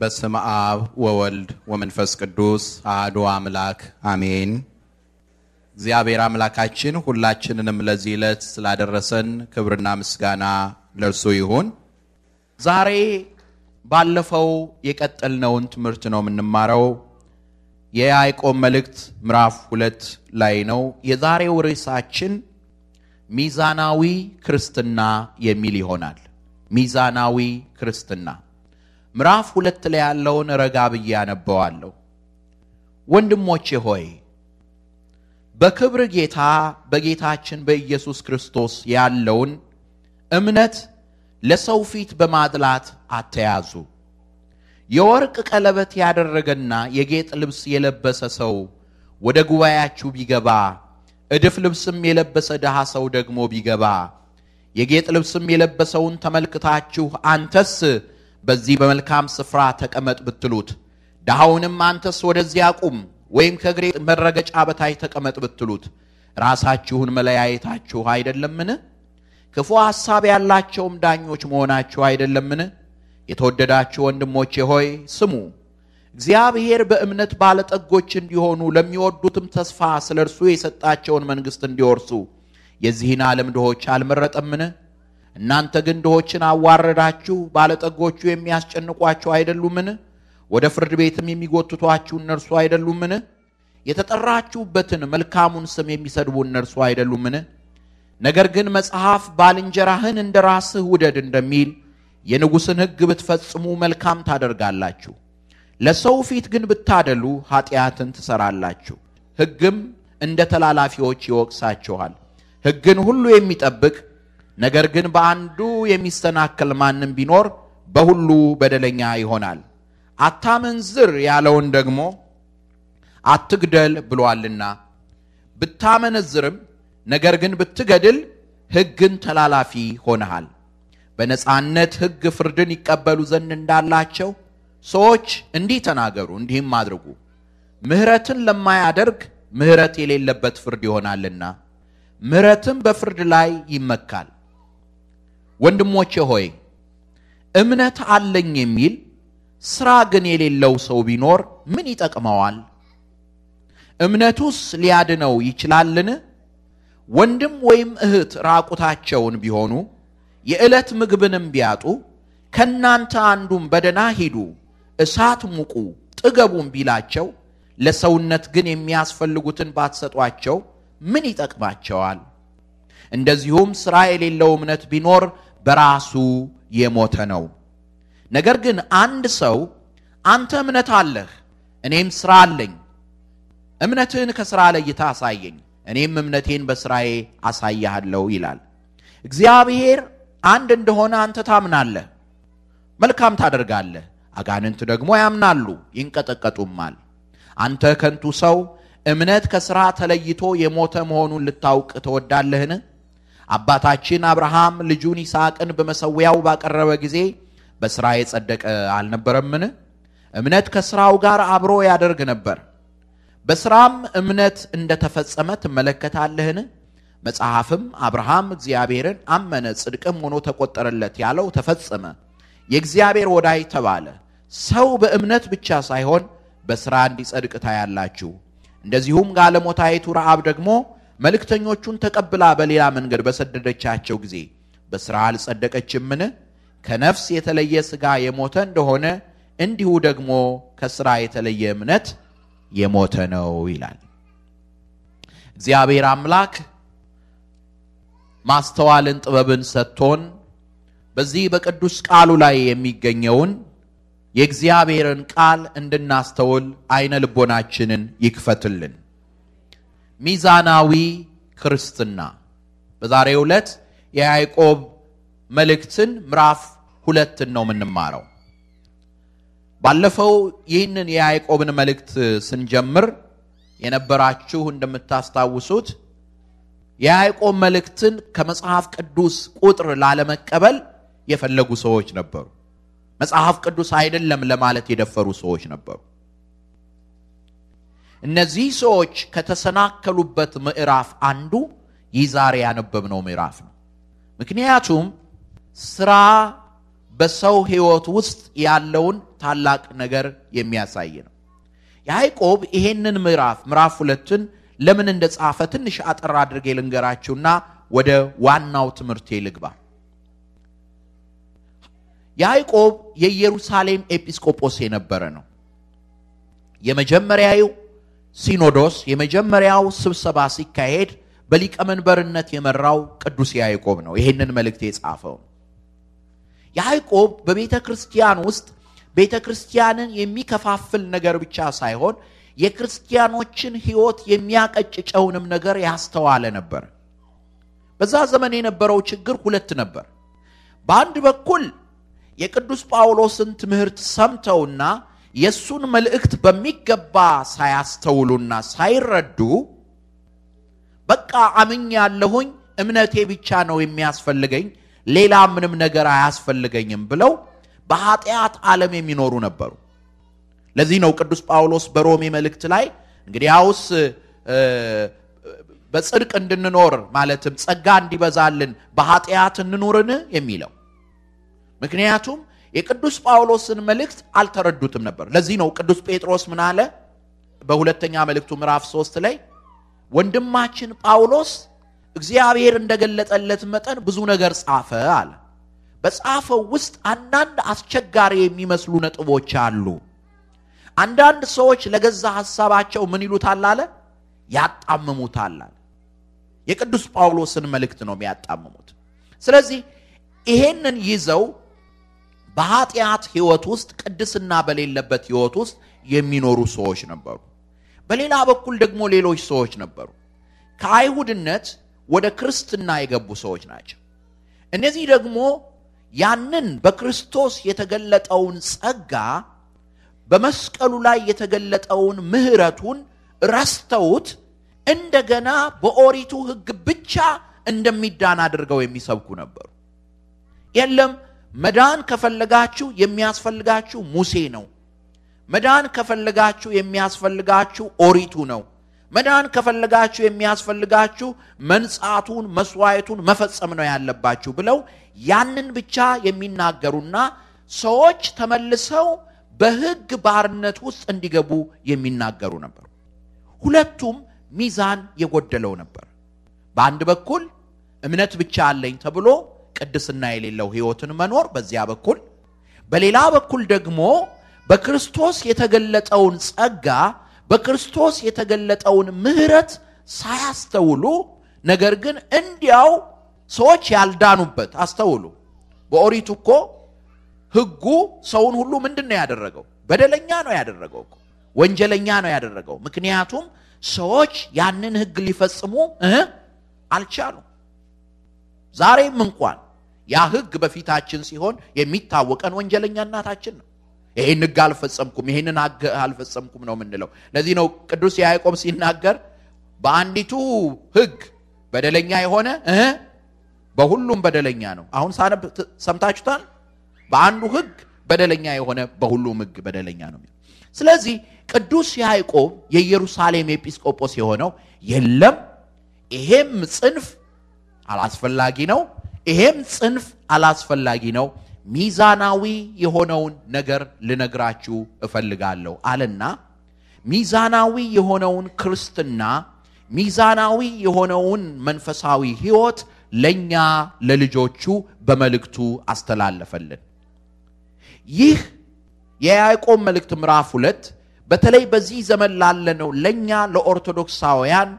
በስመ አብ ወወልድ ወመንፈስ ቅዱስ አሐዱ አምላክ አሜን። እግዚአብሔር አምላካችን ሁላችንንም ለዚህ ዕለት ስላደረሰን ክብርና ምስጋና ለእርሱ ይሁን። ዛሬ ባለፈው የቀጠልነውን ትምህርት ነው የምንማረው። የያዕቆብ መልእክት ምዕራፍ ሁለት ላይ ነው። የዛሬው ርዕሳችን ሚዛናዊ ክርስትና የሚል ይሆናል። ሚዛናዊ ክርስትና ምዕራፍ ሁለት ላይ ያለውን ረጋ ብዬ አነበዋለሁ። ወንድሞቼ ሆይ በክብር ጌታ በጌታችን በኢየሱስ ክርስቶስ ያለውን እምነት ለሰው ፊት በማድላት አተያዙ። የወርቅ ቀለበት ያደረገና የጌጥ ልብስ የለበሰ ሰው ወደ ጉባኤያችሁ ቢገባ እድፍ ልብስም የለበሰ ድሃ ሰው ደግሞ ቢገባ የጌጥ ልብስም የለበሰውን ተመልክታችሁ አንተስ በዚህ በመልካም ስፍራ ተቀመጥ ብትሉት፣ ድሃውንም አንተስ ወደዚህ አቁም ወይም ከእግሬ መረገጫ በታች ተቀመጥ ብትሉት፣ ራሳችሁን መለያየታችሁ አይደለምን? ክፉ ሐሳብ ያላቸውም ዳኞች መሆናችሁ አይደለምን? የተወደዳችሁ ወንድሞቼ ሆይ ስሙ። እግዚአብሔር በእምነት ባለጠጎች እንዲሆኑ ለሚወዱትም ተስፋ ስለ እርሱ የሰጣቸውን መንግሥት እንዲወርሱ የዚህን ዓለም ድሆች አልመረጠምን? እናንተ ግን ድሆችን አዋረዳችሁ፣ ባለጠጎቹ የሚያስጨንቋችሁ አይደሉምን? ወደ ፍርድ ቤትም የሚጎትቷችሁ እነርሱ አይደሉምን? የተጠራችሁበትን መልካሙን ስም የሚሰድቡ እነርሱ አይደሉምን? ነገር ግን መጽሐፍ ባልንጀራህን እንደ ራስህ ውደድ እንደሚል የንጉሥን ሕግ ብትፈጽሙ መልካም ታደርጋላችሁ። ለሰው ፊት ግን ብታደሉ ኃጢአትን ትሰራላችሁ፣ ሕግም እንደ ተላላፊዎች ይወቅሳችኋል። ሕግን ሁሉ የሚጠብቅ ነገር ግን በአንዱ የሚሰናከል ማንም ቢኖር በሁሉ በደለኛ ይሆናል። አታመንዝር ያለውን ደግሞ አትግደል ብሏልና ብታመነዝርም ነገር ግን ብትገድል ሕግን ተላላፊ ሆነሃል። በነፃነት ሕግ ፍርድን ይቀበሉ ዘንድ እንዳላቸው ሰዎች እንዲህ ተናገሩ፣ እንዲህም አድርጉ። ምሕረትን ለማያደርግ ምሕረት የሌለበት ፍርድ ይሆናልና ምሕረትም በፍርድ ላይ ይመካል። ወንድሞቼ ሆይ እምነት አለኝ የሚል ስራ ግን የሌለው ሰው ቢኖር ምን ይጠቅመዋል? እምነቱስ ሊያድነው ይችላልን? ወንድም ወይም እህት ራቁታቸውን ቢሆኑ የዕለት ምግብንም ቢያጡ ከእናንተ አንዱም በደና ሂዱ፣ እሳት ሙቁ፣ ጥገቡም ቢላቸው ለሰውነት ግን የሚያስፈልጉትን ባትሰጧቸው ምን ይጠቅማቸዋል? እንደዚሁም ሥራ የሌለው እምነት ቢኖር በራሱ የሞተ ነው። ነገር ግን አንድ ሰው አንተ እምነት አለህ፣ እኔም ስራ አለኝ፣ እምነትህን ከስራ ለይታ አሳየኝ፣ እኔም እምነቴን በስራዬ አሳያሃለሁ ይላል። እግዚአብሔር አንድ እንደሆነ አንተ ታምናለህ፣ መልካም ታደርጋለህ። አጋንንት ደግሞ ያምናሉ፣ ይንቀጠቀጡማል። አንተ ከንቱ ሰው እምነት ከስራ ተለይቶ የሞተ መሆኑን ልታውቅ ትወዳለህን? አባታችን አብርሃም ልጁን ይስሐቅን በመሰዊያው ባቀረበ ጊዜ በሥራ የጸደቀ አልነበረምን? እምነት ከሥራው ጋር አብሮ ያደርግ ነበር። በሥራም እምነት እንደተፈጸመ ትመለከታለህን? መጽሐፍም አብርሃም እግዚአብሔርን አመነ ጽድቅም ሆኖ ተቆጠረለት ያለው ተፈጸመ፣ የእግዚአብሔር ወዳይ ተባለ። ሰው በእምነት ብቻ ሳይሆን በሥራ እንዲጸድቅ ታያላችሁ። እንደዚሁም ጋለሞታይቱ ረዓብ ደግሞ መልእክተኞቹን ተቀብላ በሌላ መንገድ በሰደደቻቸው ጊዜ በሥራ አልጸደቀችምን? ከነፍስ የተለየ ሥጋ የሞተ እንደሆነ እንዲሁ ደግሞ ከሥራ የተለየ እምነት የሞተ ነው ይላል። እግዚአብሔር አምላክ ማስተዋልን ጥበብን ሰጥቶን በዚህ በቅዱስ ቃሉ ላይ የሚገኘውን የእግዚአብሔርን ቃል እንድናስተውል አይነ ልቦናችንን ይክፈትልን። ሚዛናዊ ክርስትና በዛሬ ዕለት የያዕቆብ መልእክትን ምዕራፍ ሁለትን ነው የምንማረው። ባለፈው ይህንን የያዕቆብን መልእክት ስንጀምር የነበራችሁ እንደምታስታውሱት የያዕቆብ መልእክትን ከመጽሐፍ ቅዱስ ቁጥር ላለመቀበል የፈለጉ ሰዎች ነበሩ። መጽሐፍ ቅዱስ አይደለም ለማለት የደፈሩ ሰዎች ነበሩ። እነዚህ ሰዎች ከተሰናከሉበት ምዕራፍ አንዱ ይህ ዛሬ ያነበብነው ምዕራፍ ነው። ምክንያቱም ስራ በሰው ህይወት ውስጥ ያለውን ታላቅ ነገር የሚያሳይ ነው። ያዕቆብ ይሄንን ምዕራፍ ምዕራፍ ሁለትን ለምን እንደ ጻፈ ትንሽ አጠር አድርጌ ልንገራችሁና ወደ ዋናው ትምህርቴ ልግባ። ያዕቆብ የኢየሩሳሌም ኤጲስቆጶስ የነበረ ነው። የመጀመሪያው ሲኖዶስ የመጀመሪያው ስብሰባ ሲካሄድ በሊቀመንበርነት የመራው ቅዱስ ያዕቆብ ነው ይሄንን መልእክት የጻፈው። ያዕቆብ በቤተ ክርስቲያን ውስጥ ቤተ ክርስቲያንን የሚከፋፍል ነገር ብቻ ሳይሆን የክርስቲያኖችን ሕይወት የሚያቀጭጨውንም ነገር ያስተዋለ ነበር። በዛ ዘመን የነበረው ችግር ሁለት ነበር። በአንድ በኩል የቅዱስ ጳውሎስን ትምህርት ሰምተውና የእሱን መልእክት በሚገባ ሳያስተውሉና ሳይረዱ በቃ አምኝ ያለሁኝ እምነቴ ብቻ ነው የሚያስፈልገኝ፣ ሌላ ምንም ነገር አያስፈልገኝም ብለው በኃጢአት ዓለም የሚኖሩ ነበሩ። ለዚህ ነው ቅዱስ ጳውሎስ በሮሜ መልእክት ላይ እንግዲህ ያውስ በጽድቅ እንድንኖር ማለትም ጸጋ እንዲበዛልን በኃጢአት እንኑርን የሚለው ምክንያቱም የቅዱስ ጳውሎስን መልእክት አልተረዱትም ነበር። ለዚህ ነው ቅዱስ ጴጥሮስ ምን አለ? በሁለተኛ መልእክቱ ምዕራፍ ሶስት ላይ ወንድማችን ጳውሎስ እግዚአብሔር እንደገለጠለት መጠን ብዙ ነገር ጻፈ አለ። በጻፈው ውስጥ አንዳንድ አስቸጋሪ የሚመስሉ ነጥቦች አሉ። አንዳንድ ሰዎች ለገዛ ሐሳባቸው ምን ይሉታል አለ ያጣምሙታል አለ። የቅዱስ ጳውሎስን መልእክት ነው የሚያጣምሙት። ስለዚህ ይሄንን ይዘው በኃጢአት ህይወት ውስጥ ቅድስና በሌለበት ህይወት ውስጥ የሚኖሩ ሰዎች ነበሩ። በሌላ በኩል ደግሞ ሌሎች ሰዎች ነበሩ፣ ከአይሁድነት ወደ ክርስትና የገቡ ሰዎች ናቸው። እነዚህ ደግሞ ያንን በክርስቶስ የተገለጠውን ጸጋ በመስቀሉ ላይ የተገለጠውን ምሕረቱን ረስተውት እንደገና በኦሪቱ ሕግ ብቻ እንደሚዳን አድርገው የሚሰብኩ ነበሩ። የለም መዳን ከፈለጋችሁ የሚያስፈልጋችሁ ሙሴ ነው። መዳን ከፈለጋችሁ የሚያስፈልጋችሁ ኦሪቱ ነው። መዳን ከፈለጋችሁ የሚያስፈልጋችሁ መንጻቱን፣ መስዋዕቱን መፈጸም ነው ያለባችሁ ብለው ያንን ብቻ የሚናገሩና ሰዎች ተመልሰው በሕግ ባርነት ውስጥ እንዲገቡ የሚናገሩ ነበር። ሁለቱም ሚዛን የጎደለው ነበር። በአንድ በኩል እምነት ብቻ አለኝ ተብሎ ቅድስና የሌለው ህይወትን መኖር በዚያ በኩል፣ በሌላ በኩል ደግሞ በክርስቶስ የተገለጠውን ጸጋ በክርስቶስ የተገለጠውን ምህረት ሳያስተውሉ ነገር ግን እንዲያው ሰዎች ያልዳኑበት አስተውሉ። በኦሪቱ እኮ ህጉ ሰውን ሁሉ ምንድን ነው ያደረገው? በደለኛ ነው ያደረገው ወንጀለኛ ነው ያደረገው። ምክንያቱም ሰዎች ያንን ህግ ሊፈጽሙ አልቻሉም። ዛሬም እንኳን ያ ህግ በፊታችን ሲሆን የሚታወቀን ወንጀለኛ እናታችን ነው። ይህን ህግ አልፈጸምኩም፣ ይህንን ህግ አልፈጸምኩም ነው የምንለው። ለዚህ ነው ቅዱስ ያዕቆብ ሲናገር በአንዲቱ ህግ በደለኛ የሆነ በሁሉም በደለኛ ነው። አሁን ሳነብ ሰምታችሁታል። በአንዱ ህግ በደለኛ የሆነ በሁሉም ህግ በደለኛ ነው። ስለዚህ ቅዱስ ያዕቆብ የኢየሩሳሌም ኤጲስቆጶስ የሆነው የለም ይሄም ጽንፍ አላስፈላጊ ነው ይሄም ጽንፍ አላስፈላጊ ነው። ሚዛናዊ የሆነውን ነገር ልነግራችሁ እፈልጋለሁ አለና ሚዛናዊ የሆነውን ክርስትና፣ ሚዛናዊ የሆነውን መንፈሳዊ ሕይወት ለእኛ ለልጆቹ በመልእክቱ አስተላለፈልን። ይህ የያዕቆብ መልእክት ምዕራፍ ሁለት በተለይ በዚህ ዘመን ላለነው ለእኛ ለኦርቶዶክሳውያን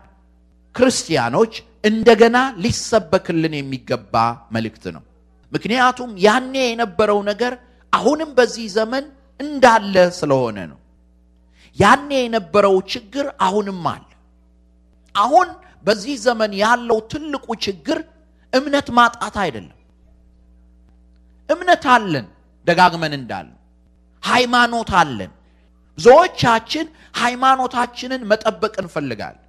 ክርስቲያኖች እንደገና ሊሰበክልን የሚገባ መልእክት ነው። ምክንያቱም ያኔ የነበረው ነገር አሁንም በዚህ ዘመን እንዳለ ስለሆነ ነው። ያኔ የነበረው ችግር አሁንም አለ። አሁን በዚህ ዘመን ያለው ትልቁ ችግር እምነት ማጣት አይደለም። እምነት አለን፣ ደጋግመን እንዳለ ሃይማኖት አለን። ብዙዎቻችን ሃይማኖታችንን መጠበቅ እንፈልጋለን።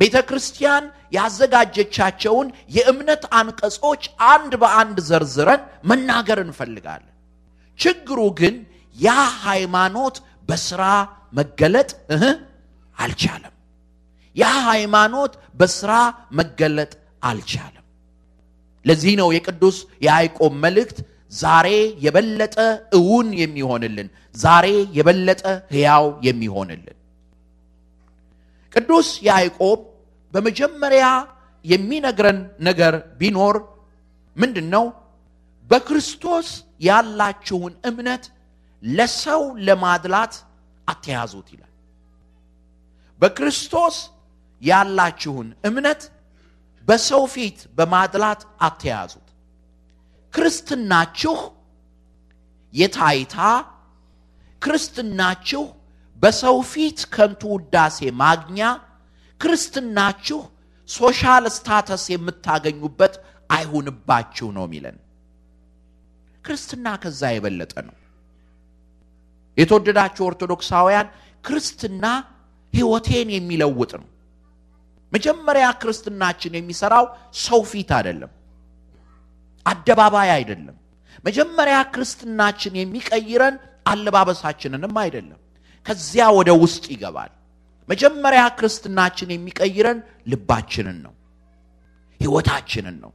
ቤተ ክርስቲያን ያዘጋጀቻቸውን የእምነት አንቀጾች አንድ በአንድ ዘርዝረን መናገር እንፈልጋለን። ችግሩ ግን ያ ሃይማኖት በስራ መገለጥ እህ አልቻለም። ያ ሃይማኖት በስራ መገለጥ አልቻለም። ለዚህ ነው የቅዱስ የያዕቆብ መልእክት ዛሬ የበለጠ እውን የሚሆንልን፣ ዛሬ የበለጠ ሕያው የሚሆንልን። ቅዱስ ያዕቆብ በመጀመሪያ የሚነግረን ነገር ቢኖር ምንድን ነው? በክርስቶስ ያላችሁን እምነት ለሰው ለማድላት አትያዙት ይላል። በክርስቶስ ያላችሁን እምነት በሰው ፊት በማድላት አትያዙት። ክርስትናችሁ የታይታ ክርስትናችሁ በሰው ፊት ከንቱ ውዳሴ ማግኛ ክርስትናችሁ ሶሻል ስታተስ የምታገኙበት አይሁንባችሁ ነው የሚለን። ክርስትና ከዛ የበለጠ ነው። የተወደዳችሁ ኦርቶዶክሳውያን ክርስትና ሕይወቴን የሚለውጥ ነው። መጀመሪያ ክርስትናችን የሚሰራው ሰው ፊት አይደለም፣ አደባባይ አይደለም። መጀመሪያ ክርስትናችን የሚቀይረን አለባበሳችንንም አይደለም። ከዚያ ወደ ውስጥ ይገባል። መጀመሪያ ክርስትናችን የሚቀይረን ልባችንን ነው፣ ህይወታችንን ነው።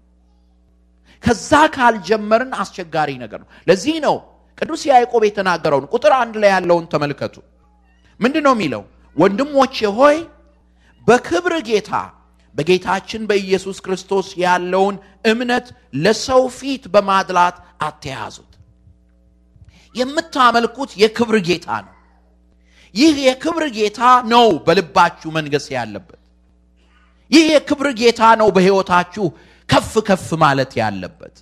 ከዛ ካልጀመርን አስቸጋሪ ነገር ነው። ለዚህ ነው ቅዱስ ያዕቆብ የተናገረውን ቁጥር አንድ ላይ ያለውን ተመልከቱ። ምንድን ነው የሚለው? ወንድሞቼ ሆይ በክብር ጌታ በጌታችን በኢየሱስ ክርስቶስ ያለውን እምነት ለሰው ፊት በማድላት አተያዙት። የምታመልኩት የክብር ጌታ ነው። ይህ የክብር ጌታ ነው በልባችሁ መንገስ ያለበት። ይህ የክብር ጌታ ነው በሕይወታችሁ ከፍ ከፍ ማለት ያለበት።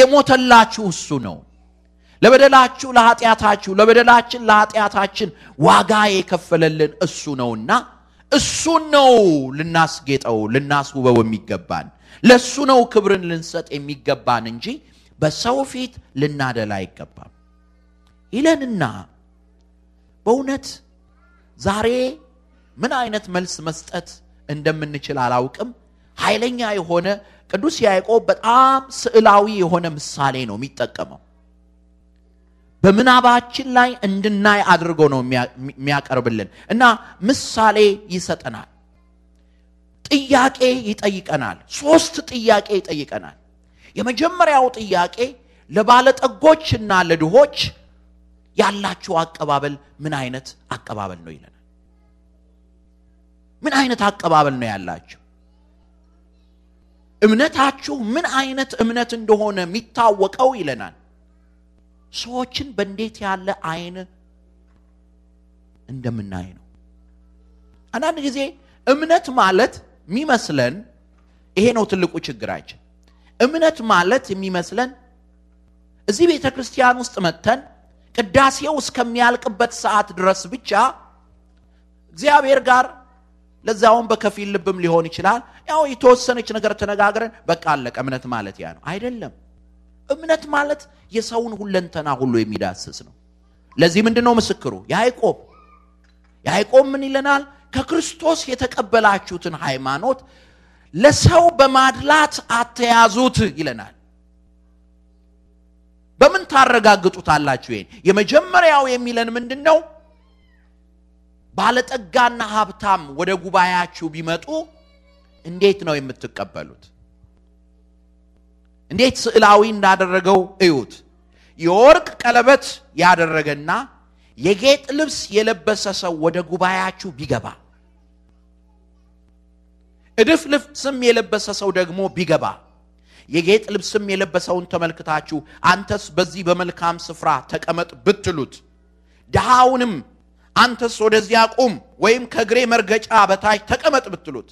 የሞተላችሁ እሱ ነው። ለበደላችሁ ለኃጢአታችሁ፣ ለበደላችን ለኃጢአታችን ዋጋ የከፈለልን እሱ ነውና እሱን ነው ልናስጌጠው ልናስውበው የሚገባን ለእሱ ነው ክብርን ልንሰጥ የሚገባን እንጂ በሰው ፊት ልናደላ አይገባም ይለንና በእውነት ዛሬ ምን አይነት መልስ መስጠት እንደምንችል አላውቅም። ኃይለኛ የሆነ ቅዱስ ያዕቆብ በጣም ስዕላዊ የሆነ ምሳሌ ነው የሚጠቀመው። በምናባችን ላይ እንድናይ አድርጎ ነው የሚያቀርብልን እና ምሳሌ ይሰጠናል። ጥያቄ ይጠይቀናል። ሶስት ጥያቄ ይጠይቀናል። የመጀመሪያው ጥያቄ ለባለጠጎችና ለድሆች ያላችሁ አቀባበል ምን አይነት አቀባበል ነው ይለናል። ምን አይነት አቀባበል ነው ያላችሁ? እምነታችሁ ምን አይነት እምነት እንደሆነ የሚታወቀው ይለናል። ሰዎችን በእንዴት ያለ አይን እንደምናይ ነው። አንዳንድ ጊዜ እምነት ማለት የሚመስለን ይሄ ነው ትልቁ ችግራችን። እምነት ማለት የሚመስለን እዚህ ቤተ ክርስቲያን ውስጥ መጥተን ቅዳሴው እስከሚያልቅበት ሰዓት ድረስ ብቻ እግዚአብሔር ጋር ለዛውም በከፊል ልብም ሊሆን ይችላል። ያው የተወሰነች ነገር ተነጋግረን በቃ አለቀ። እምነት ማለት ያ ነው አይደለም። እምነት ማለት የሰውን ሁለንተና ሁሉ የሚዳስስ ነው። ለዚህ ምንድን ነው ምስክሩ? ያዕቆብ ያዕቆብ ምን ይለናል? ከክርስቶስ የተቀበላችሁትን ሃይማኖት ለሰው በማድላት አተያዙት ይለናል። በምን ታረጋግጡታላችሁ? ይሄን የመጀመሪያው የሚለን ምንድን ነው? ባለጠጋና ሀብታም ወደ ጉባኤያችሁ ቢመጡ እንዴት ነው የምትቀበሉት? እንዴት ስዕላዊ እንዳደረገው እዩት። የወርቅ ቀለበት ያደረገና የጌጥ ልብስ የለበሰ ሰው ወደ ጉባኤያችሁ ቢገባ፣ እድፍ ስም የለበሰ ሰው ደግሞ ቢገባ የጌጥ ልብስም የለበሰውን ተመልክታችሁ አንተስ በዚህ በመልካም ስፍራ ተቀመጥ ብትሉት ድሃውንም አንተስ ወደዚያ ቁም ወይም ከእግሬ መርገጫ በታች ተቀመጥ ብትሉት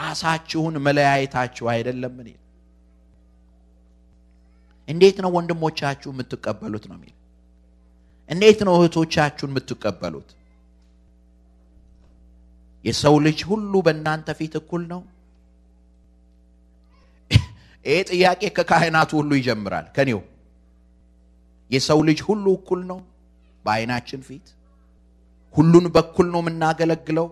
ራሳችሁን መለያየታችሁ አይደለምን? እንዴት ነው ወንድሞቻችሁ የምትቀበሉት ነው የሚል። እንዴት ነው እህቶቻችሁን የምትቀበሉት? የሰው ልጅ ሁሉ በእናንተ ፊት እኩል ነው? ይሄ ጥያቄ ከካህናቱ ሁሉ ይጀምራል፣ ከኔው የሰው ልጅ ሁሉ እኩል ነው በአይናችን ፊት ሁሉን በኩል ነው የምናገለግለው።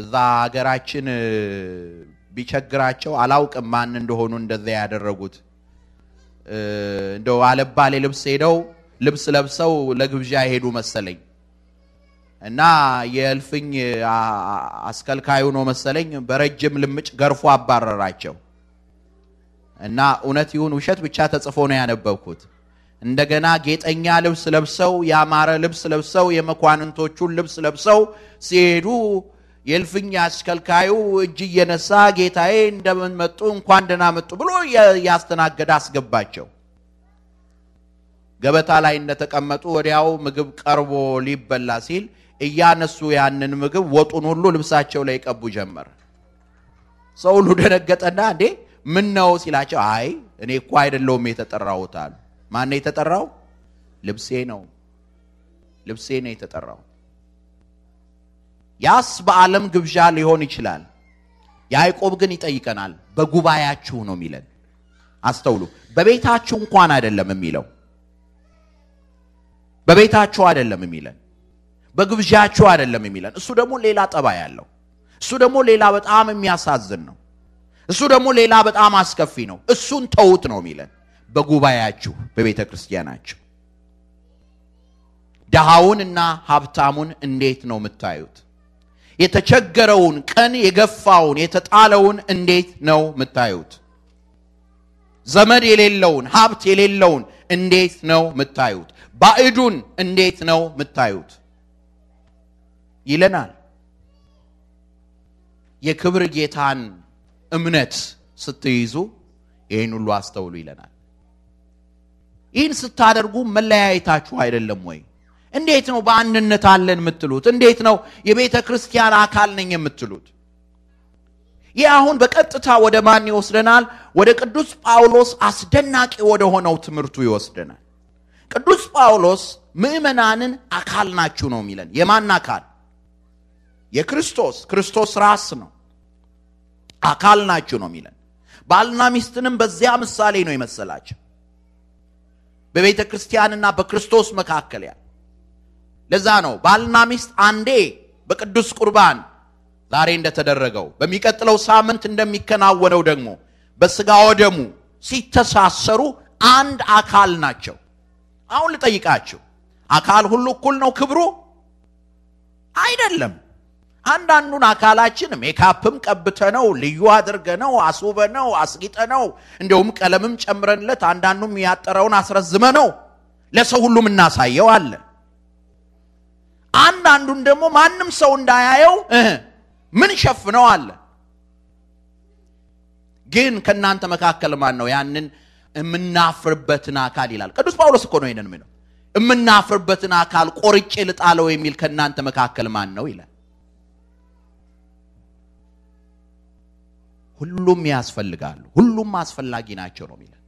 እዛ ሀገራችን ቢቸግራቸው አላውቅም ማን እንደሆኑ እንደዚያ ያደረጉት እንደው አለባሌ ልብስ ሄደው ልብስ ለብሰው ለግብዣ ሄዱ መሰለኝ። እና የእልፍኝ አስከልካዩ ነው መሰለኝ በረጅም ልምጭ ገርፎ አባረራቸው። እና እውነት ይሁን ውሸት ብቻ ተጽፎ ነው ያነበብኩት። እንደገና ጌጠኛ ልብስ ለብሰው ያማረ ልብስ ለብሰው የመኳንንቶቹን ልብስ ለብሰው ሲሄዱ የእልፍኝ አስከልካዩ እጅ እየነሳ ጌታዬ እንደምን መጡ እንኳን ደህና መጡ ብሎ ያስተናገደ አስገባቸው። ገበታ ላይ እንደተቀመጡ ወዲያው ምግብ ቀርቦ ሊበላ ሲል እያነሱ ያንን ምግብ ወጡን ሁሉ ልብሳቸው ላይ ቀቡ ጀመር። ሰው ሁሉ ደነገጠና እንዴ ምን ነው ሲላቸው፣ አይ እኔ እኮ አይደለውም የተጠራሁት አሉ። ማነው የተጠራው? ልብሴ ነው ልብሴ ነው የተጠራው። ያስ በዓለም ግብዣ ሊሆን ይችላል። ያዕቆብ ግን ይጠይቀናል። በጉባኤያችሁ ነው የሚለን። አስተውሉ። በቤታችሁ እንኳን አይደለም የሚለው፣ በቤታችሁ አይደለም የሚለን በግብዣችሁ አይደለም የሚለን። እሱ ደግሞ ሌላ ጠባይ ያለው፣ እሱ ደግሞ ሌላ በጣም የሚያሳዝን ነው። እሱ ደግሞ ሌላ በጣም አስከፊ ነው። እሱን ተውት ነው የሚለን። በጉባኤያችሁ በቤተ ክርስቲያናችሁ ድሃውንና ሀብታሙን እንዴት ነው የምታዩት? የተቸገረውን ቀን የገፋውን የተጣለውን እንዴት ነው የምታዩት? ዘመድ የሌለውን ሀብት የሌለውን እንዴት ነው የምታዩት? ባዕዱን እንዴት ነው የምታዩት? ይለናል። የክብር ጌታን እምነት ስትይዙ ይህን ሁሉ አስተውሉ ይለናል። ይህን ስታደርጉ መለያየታችሁ አይደለም ወይ? እንዴት ነው በአንድነት አለን የምትሉት? እንዴት ነው የቤተ ክርስቲያን አካል ነኝ የምትሉት? ይህ አሁን በቀጥታ ወደ ማን ይወስደናል? ወደ ቅዱስ ጳውሎስ አስደናቂ ወደ ሆነው ትምህርቱ ይወስደናል። ቅዱስ ጳውሎስ ምዕመናንን አካል ናችሁ ነው የሚለን። የማን አካል? የክርስቶስ ክርስቶስ ራስ ነው። አካል ናችሁ ነው የሚለን። ባልና ሚስትንም በዚያ ምሳሌ ነው የመሰላቸው በቤተ ክርስቲያንና በክርስቶስ መካከል ያ ለዛ ነው ባልና ሚስት አንዴ በቅዱስ ቁርባን ዛሬ እንደተደረገው በሚቀጥለው ሳምንት እንደሚከናወነው ደግሞ በስጋ ወደሙ ሲተሳሰሩ አንድ አካል ናቸው። አሁን ልጠይቃችሁ፣ አካል ሁሉ እኩል ነው ክብሩ? አይደለም። አንዳንዱን አካላችን ሜካፕም ቀብተ ነው ልዩ አድርገ ነው አስውበ ነው አስጊጠ ነው እንደውም ቀለምም ጨምረንለት አንዳንዱም ያጠረውን አስረዝመ ነው ለሰው ሁሉም እናሳየው አለ። አንዳንዱን ደግሞ ማንም ሰው እንዳያየው ምን ሸፍነው አለ። ግን ከእናንተ መካከል ማን ነው ያንን የምናፍርበትን አካል ይላል ቅዱስ ጳውሎስ እኮ ነው ይንን የምናፍርበትን አካል ቆርጬ ልጣለው የሚል ከእናንተ መካከል ማን ነው ይላል ሁሉም ያስፈልጋሉ፣ ሁሉም አስፈላጊ ናቸው ነው የሚለን።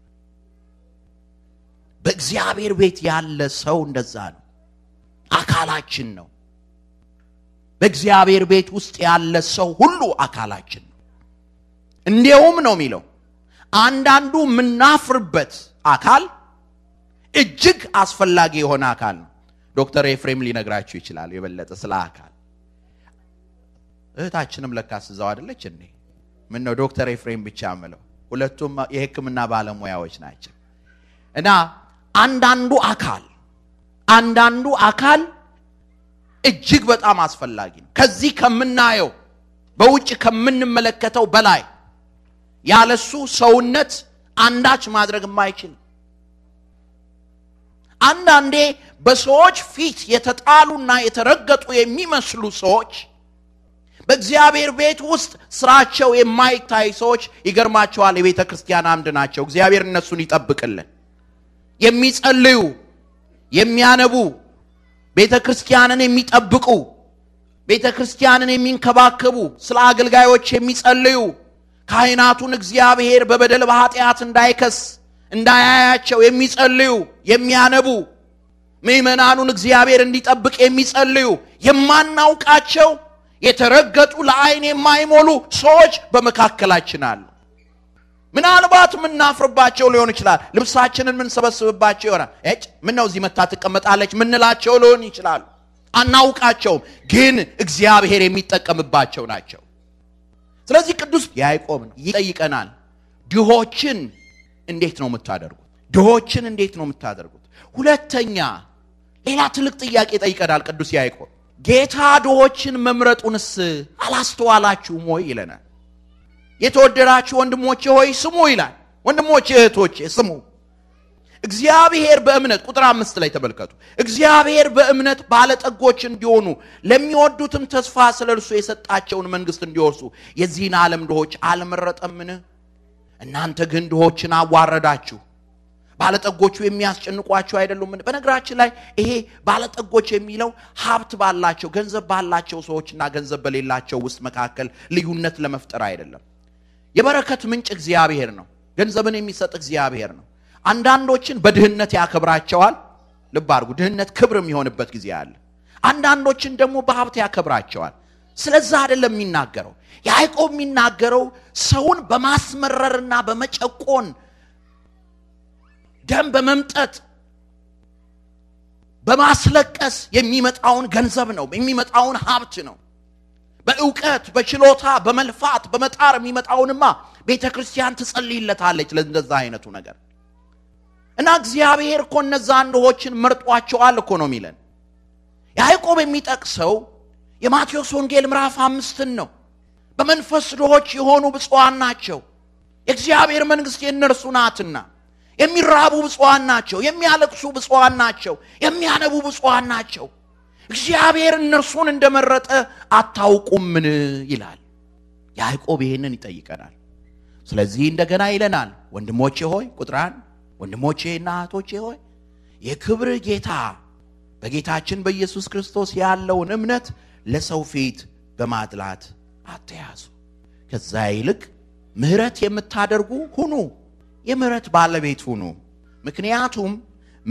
በእግዚአብሔር ቤት ያለ ሰው እንደዛ ነው። አካላችን ነው። በእግዚአብሔር ቤት ውስጥ ያለ ሰው ሁሉ አካላችን ነው። እንዲሁም ነው የሚለው አንዳንዱ የምናፍርበት አካል እጅግ አስፈላጊ የሆነ አካል ነው። ዶክተር ኤፍሬም ሊነግራችሁ ይችላል የበለጠ ስለ አካል። እህታችንም ለካስ እዛው አደለች እኔ ምን ነው ዶክተር ኤፍሬም ብቻ ምለው ሁለቱም የህክምና ባለሙያዎች ናቸው እና አንዳንዱ አካል አንዳንዱ አካል እጅግ በጣም አስፈላጊ ነው ከዚህ ከምናየው በውጭ ከምንመለከተው በላይ ያለሱ ሰውነት አንዳች ማድረግ የማይችል አንዳንዴ በሰዎች ፊት የተጣሉና የተረገጡ የሚመስሉ ሰዎች በእግዚአብሔር ቤት ውስጥ ስራቸው የማይታይ ሰዎች ይገርማቸዋል። የቤተ ክርስቲያን አምድ ናቸው። እግዚአብሔር እነሱን ይጠብቅልን። የሚጸልዩ የሚያነቡ፣ ቤተ ክርስቲያንን የሚጠብቁ፣ ቤተ ክርስቲያንን የሚንከባከቡ፣ ስለ አገልጋዮች የሚጸልዩ፣ ካህናቱን እግዚአብሔር በበደል በኃጢአት እንዳይከስ እንዳያያቸው የሚጸልዩ፣ የሚያነቡ ምእመናኑን እግዚአብሔር እንዲጠብቅ የሚጸልዩ የማናውቃቸው የተረገጡ ለአይን የማይሞሉ ሰዎች በመካከላችን አሉ። ምናልባት የምናፍርባቸው ሊሆን ይችላል። ልብሳችንን የምንሰበስብባቸው ይሆናል። ጭ ምን ነው እዚህ መታ ትቀመጣለች ምንላቸው ሊሆን ይችላሉ። አናውቃቸውም፣ ግን እግዚአብሔር የሚጠቀምባቸው ናቸው። ስለዚህ ቅዱስ ያዕቆብ ይጠይቀናል። ድሆችን እንዴት ነው የምታደርጉት? ድሆችን እንዴት ነው የምታደርጉት? ሁለተኛ ሌላ ትልቅ ጥያቄ ይጠይቀናል ቅዱስ ያዕቆብ ጌታ ድሆችን መምረጡንስ አላስተዋላችሁም ወይ ይለናል። የተወደዳችሁ ወንድሞቼ ሆይ ስሙ ይላል። ወንድሞቼ እህቶቼ ስሙ። እግዚአብሔር በእምነት ቁጥር አምስት ላይ ተመልከቱ። እግዚአብሔር በእምነት ባለጠጎች እንዲሆኑ ለሚወዱትም ተስፋ ስለ እርሱ የሰጣቸውን መንግሥት እንዲወርሱ የዚህን ዓለም ድሆች አልመረጠምን? እናንተ ግን ድሆችን አዋረዳችሁ። ባለጠጎቹ የሚያስጨንቋቸው አይደሉም። በነገራችን ላይ ይሄ ባለጠጎች የሚለው ሀብት ባላቸው ገንዘብ ባላቸው ሰዎችና ገንዘብ በሌላቸው ውስጥ መካከል ልዩነት ለመፍጠር አይደለም። የበረከት ምንጭ እግዚአብሔር ነው። ገንዘብን የሚሰጥ እግዚአብሔር ነው። አንዳንዶችን በድህነት ያከብራቸዋል። ልብ አድርጉ። ድህነት ክብር የሚሆንበት ጊዜ አለ። አንዳንዶችን ደግሞ በሀብት ያከብራቸዋል። ስለዛ አይደለም የሚናገረው። ያዕቆብ የሚናገረው ሰውን በማስመረርና በመጨቆን ደም በመምጠጥ በማስለቀስ የሚመጣውን ገንዘብ ነው የሚመጣውን ሀብት ነው በእውቀት በችሎታ በመልፋት በመጣር የሚመጣውንማ ቤተ ክርስቲያን ትጸልይለታለች ለእንደዛ አይነቱ ነገር እና እግዚአብሔር እኮ እነዛ አንድሆችን መርጧቸዋል እኮ ነው የሚለን ያዕቆብ የሚጠቅሰው የማቴዎስ ወንጌል ምዕራፍ አምስትን ነው በመንፈስ ድሆች የሆኑ ብፁዓን ናቸው የእግዚአብሔር መንግሥት የእነርሱ ናትና የሚራቡ ብፁዋን ናቸው። የሚያለቅሱ ብፁዓን ናቸው። የሚያነቡ ብፁዓን ናቸው። እግዚአብሔር እነርሱን እንደመረጠ አታውቁምን ይላል። ያዕቆብ ይህንን ይጠይቀናል። ስለዚህ እንደገና ይለናል፣ ወንድሞቼ ሆይ ቁጥራን ወንድሞቼ እና እህቶቼ ሆይ የክብር ጌታ በጌታችን በኢየሱስ ክርስቶስ ያለውን እምነት ለሰው ፊት በማድላት አተያዙ። ከዛ ይልቅ ምህረት የምታደርጉ ሁኑ የምህረት ባለቤት ሁኑ። ምክንያቱም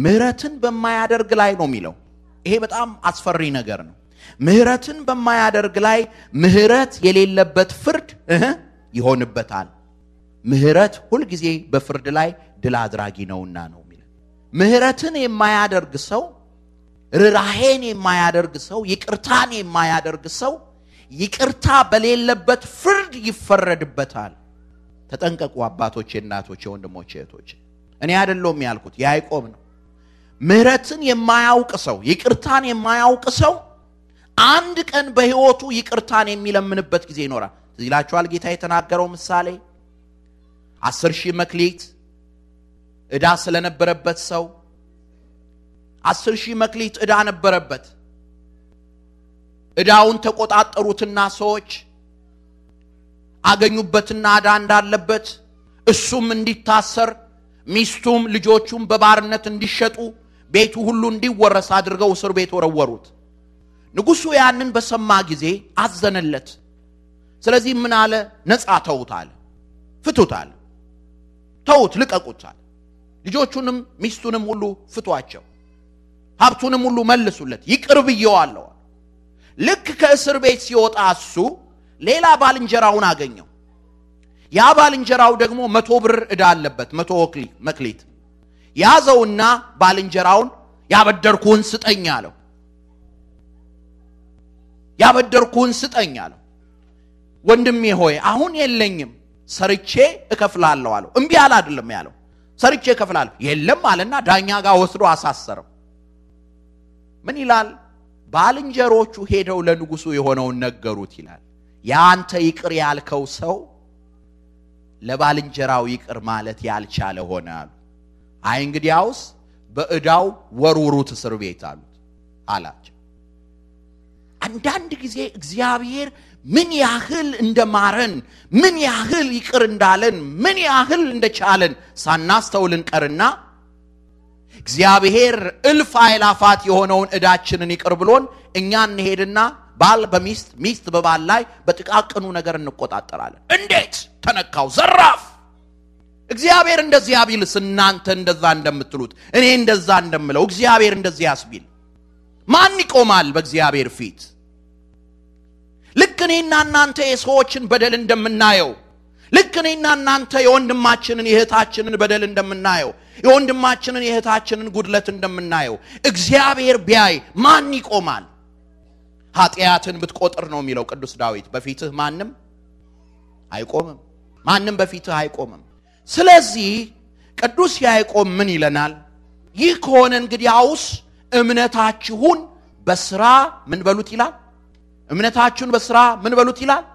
ምህረትን በማያደርግ ላይ ነው የሚለው። ይሄ በጣም አስፈሪ ነገር ነው። ምህረትን በማያደርግ ላይ ምህረት የሌለበት ፍርድ ይሆንበታል። ምህረት ሁልጊዜ በፍርድ ላይ ድል አድራጊ ነውና ነው የሚለ ምህረትን የማያደርግ ሰው፣ ርራሄን የማያደርግ ሰው፣ ይቅርታን የማያደርግ ሰው ይቅርታ በሌለበት ፍርድ ይፈረድበታል። ተጠንቀቁ አባቶቼ፣ እናቶቼ፣ ወንድሞቼ፣ እህቶቼ። እኔ አይደለሁም ያልኩት ያዕቆብ ነው። ምሕረትን የማያውቅ ሰው ይቅርታን የማያውቅ ሰው አንድ ቀን በሕይወቱ ይቅርታን የሚለምንበት ጊዜ ይኖራል። ትዝ ይላችኋል ጌታ የተናገረው ምሳሌ አስር ሺህ መክሊት ዕዳ ስለነበረበት ሰው አስር ሺህ መክሊት ዕዳ ነበረበት። ዕዳውን ተቆጣጠሩትና ሰዎች አገኙበትና ዕዳ እንዳለበት እሱም እንዲታሰር ሚስቱም ልጆቹም በባርነት እንዲሸጡ ቤቱ ሁሉ እንዲወረስ አድርገው እስር ቤት ወረወሩት። ንጉሡ ያንን በሰማ ጊዜ አዘነለት። ስለዚህ ምን አለ? ነፃ ተውት አለ፣ ፍቱት አለ፣ ተውት ልቀቁት አለ። ልጆቹንም ሚስቱንም ሁሉ ፍቷቸው፣ ሀብቱንም ሁሉ መልሱለት፣ ይቅር ብየዋለሁ። ልክ ከእስር ቤት ሲወጣ እሱ ሌላ ባልንጀራውን አገኘው። ያ ባልንጀራው ደግሞ መቶ ብር ዕዳ አለበት፣ መቶ መክሊት ያዘውና ባልንጀራውን ያበደርኩህን ስጠኝ አለው። ያበደርኩህን ስጠኝ አለው። ወንድሜ ሆይ አሁን የለኝም፣ ሰርቼ እከፍላለሁ አለው። እምቢ አለ አይደለም ያለው፣ ሰርቼ እከፍላለሁ። የለም አለና ዳኛ ጋር ወስዶ አሳሰረው። ምን ይላል? ባልንጀሮቹ ሄደው ለንጉሱ የሆነውን ነገሩት ይላል። ያንተ ይቅር ያልከው ሰው ለባልንጀራው ይቅር ማለት ያልቻለ ሆነ አሉ። አይ እንግዲያውስ በእዳው ወርውሩት እስር ቤት አሉት አላቸው። አንዳንድ ጊዜ እግዚአብሔር ምን ያህል እንደማረን፣ ምን ያህል ይቅር እንዳለን፣ ምን ያህል እንደቻለን ሳናስተውልን ቀርና እግዚአብሔር እልፍ አእላፋት የሆነውን እዳችንን ይቅር ብሎን እኛ እንሄድና ባል በሚስት ሚስት በባል ላይ በጥቃቅኑ ነገር እንቆጣጠራለን። እንዴት ተነካው? ዘራፍ! እግዚአብሔር እንደዚህ አቢልስ እናንተ እንደዛ እንደምትሉት እኔ እንደዛ እንደምለው እግዚአብሔር እንደዚህ ያስቢል ማን ይቆማል በእግዚአብሔር ፊት? ልክ እኔና እናንተ የሰዎችን በደል እንደምናየው ልክ እኔና እናንተ የወንድማችንን የእህታችንን በደል እንደምናየው የወንድማችንን የእህታችንን ጉድለት እንደምናየው እግዚአብሔር ቢያይ ማን ይቆማል? ኃጢአትን ብትቆጥር ነው የሚለው ቅዱስ ዳዊት። በፊትህ ማንም አይቆምም፣ ማንም በፊትህ አይቆምም። ስለዚህ ቅዱስ ያዕቆብ ምን ይለናል? ይህ ከሆነ እንግዲያውስ እምነታችሁን በስራ ምን በሉት ይላል። እምነታችሁን በስራ ምን በሉት ይላል፣